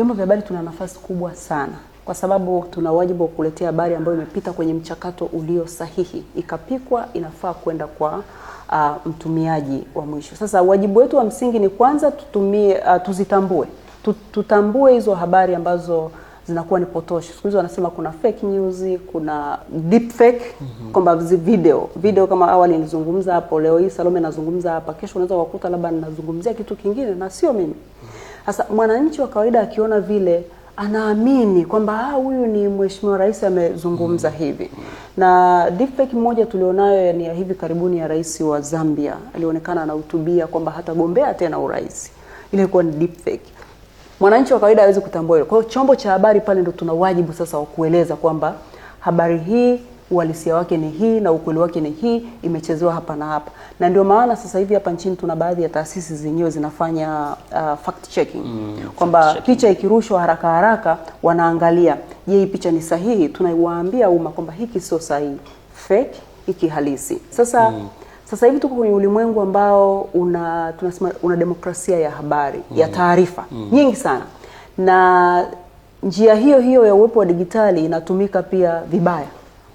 Vyombo vya habari tuna nafasi kubwa sana kwa sababu tuna wajibu wa kuletea habari ambayo imepita kwenye mchakato ulio sahihi, ikapikwa, inafaa kwenda kwa uh, mtumiaji wa mwisho. Sasa wajibu wetu wa msingi ni kwanza tutumie, uh, tuzitambue, tutambue hizo habari ambazo zinakuwa ni potoshi. Siku hizi wanasema kuna fake news, kuna deep fake mm -hmm. kwamba video video kama awali nilizungumza hapo, leo hii Salome nazungumza hapa, kesho unaweza kukuta labda ninazungumzia kitu kingine na sio mimi mm -hmm. Sasa mwananchi wa kawaida akiona vile anaamini kwamba ah, huyu ni mheshimiwa rais amezungumza mm. hivi. Na deepfake moja tulionayo ni ya hivi karibuni ya rais wa Zambia, alionekana anahutubia kwamba hatagombea tena urais. Ile ilikuwa ni deepfake. Mwananchi wa kawaida hawezi kutambua hilo. Kwa hiyo chombo cha habari pale ndo tuna wajibu sasa wa kueleza kwamba habari hii uhalisia wake ni hii na ukweli wake ni hii, imechezewa hapa na hapa. Na ndio maana sasa hivi hapa nchini tuna baadhi ya taasisi zenyewe zinafanya uh, fact checking mm, kwamba picha ikirushwa haraka haraka wanaangalia, je, hii picha ni sahihi? Tunaiwaambia umma kwamba hiki sio sahihi, fake, hiki halisi. Sasa mm. Sasa hivi tuko kwenye ulimwengu ambao una tunasema una demokrasia ya habari mm. ya taarifa mm. nyingi sana, na njia hiyo hiyo ya uwepo wa digitali inatumika pia vibaya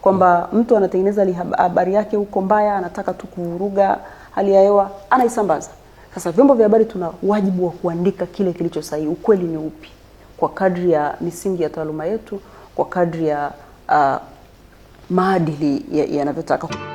kwamba mtu anatengeneza habari yake huko mbaya, anataka tu kuvuruga hali ya hewa, anaisambaza. Sasa vyombo vya habari tuna wajibu wa kuandika kile kilicho sahihi, ukweli ni upi, kwa kadri ya misingi ya taaluma yetu, kwa kadri ya uh, maadili yanavyotaka ya